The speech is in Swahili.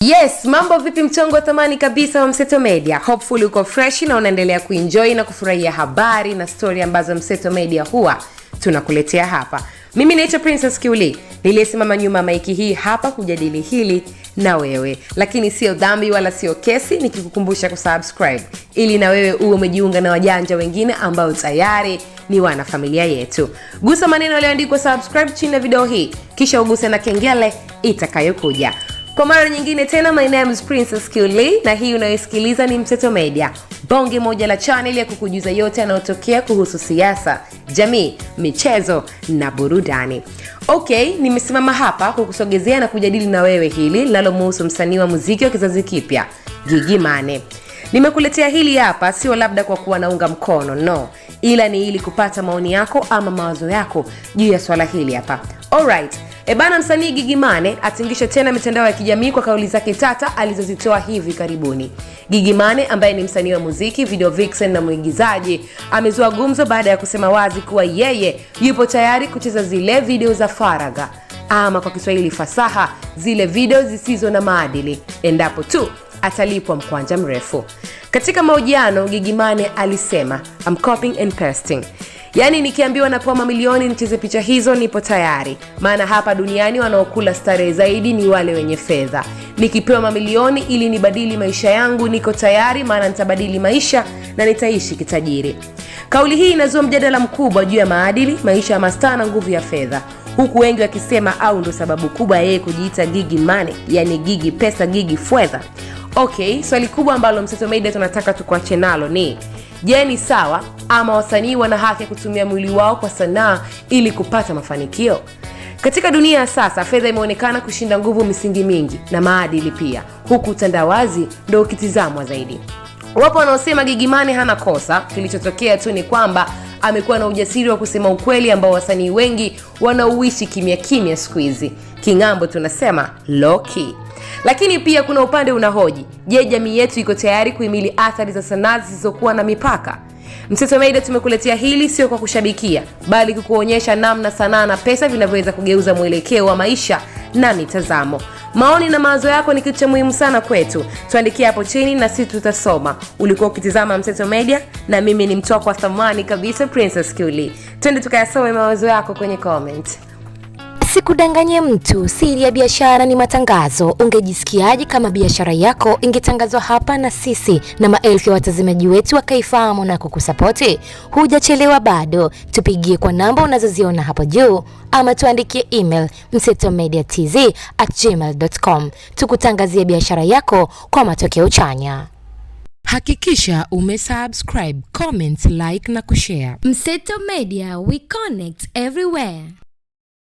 Yes, mambo vipi mtongo thamani kabisa wa Mseto Media. Hopefully uko fresh na unaendelea kuenjoy na kufurahia habari na stori ambazo Mseto Media huwa tunakuletea hapa. Mimi naitwa Princess Kiuli, niliyesimama nyuma ya maiki hii hapa kujadili hili na wewe, lakini sio dhambi wala sio kesi nikikukumbusha kusubscribe ili na wewe uwe umejiunga na wajanja wengine ambao tayari ni wanafamilia yetu. Gusa maneno yaliyoandikwa subscribe chini ya video hii, kisha uguse na kengele itakayokuja. Kwa mara nyingine tena, my name is Princess Kiuli na hii unayosikiliza ni Mseto Media bonge moja la chaneli ya kukujuza yote yanayotokea kuhusu siasa, jamii, michezo na burudani. ok nimesimama hapa kukusogezea na kujadili na wewe hili linalomuhusu msanii wa muziki wa kizazi kipya gigimane Nimekuletea hili hapa sio labda kwa kuwa naunga mkono, no, ila ni ili kupata maoni yako ama mawazo yako juu ya swala hili hapa. Alright. Ebana, msanii gigimane atingishe atingisha tena mitandao ya kijamii kwa kauli zake tata alizozitoa hivi karibuni. gigimane ambaye ni msanii wa muziki, video vixen na mwigizaji amezua gumzo baada ya kusema wazi kuwa yeye yupo tayari kucheza zile video za faraga ama kwa Kiswahili fasaha, zile video zisizo na maadili endapo tu atalipwa mkwanja mrefu. Katika mahojiano gigimane alisema I'm copying and pasting Yaani nikiambiwa napewa mamilioni nicheze picha hizo, nipo tayari, maana hapa duniani wanaokula starehe zaidi ni wale wenye fedha. Nikipewa mamilioni ili nibadili maisha yangu, niko tayari, maana nitabadili maisha na nitaishi kitajiri. Kauli hii inazua mjadala mkubwa juu ya maadili, maisha ya mastaa na nguvu ya fedha, huku wengi wakisema au ndo sababu kubwa yeye kujiita gigi mane yani gigi pesa, gigi fedha. Okay, swali kubwa ambalo msetomeida tunataka tukuache nalo ni Je, ni sawa ama wasanii wana haki ya kutumia mwili wao kwa sanaa ili kupata mafanikio? Katika dunia ya sasa, fedha imeonekana kushinda nguvu misingi mingi na maadili pia, huku utandawazi ndo ukitizamwa zaidi. Wapo wanaosema Gigy Money hana kosa, kilichotokea tu ni kwamba amekuwa na ujasiri wa kusema ukweli ambao wasanii wengi wanauishi kimya kimya siku hizi. King'ambo tunasema loki. Lakini pia kuna upande unahoji, je, jamii yetu iko tayari kuhimili athari za sanaa zisizokuwa na mipaka? Mseto Media tumekuletea hili sio kwa kushabikia, bali kukuonyesha namna sanaa na pesa vinavyoweza kugeuza mwelekeo wa maisha na mitazamo. Maoni na mawazo yako ni kitu cha muhimu sana kwetu, tuandikia hapo chini na sisi tutasoma. Ulikuwa ukitizama Mseto Media na mimi ni mtoa kwa thamani kabisa Princess Kiuli. Twende tukayasome mawazo yako kwenye comment sikudanganye mtu, siri ya biashara ni matangazo. Ungejisikiaje kama biashara yako ingetangazwa hapa na sisi na maelfu ya watazamaji wetu wakaifahamu na kukusapoti? Hujachelewa bado, tupigie kwa namba unazoziona hapo juu ama tuandikie email msetomediatz@gmail.com tukutangazie biashara yako kwa matokeo chanya. Hakikisha umesubscribe, comment, like na kushare. Mseto Media, we connect everywhere.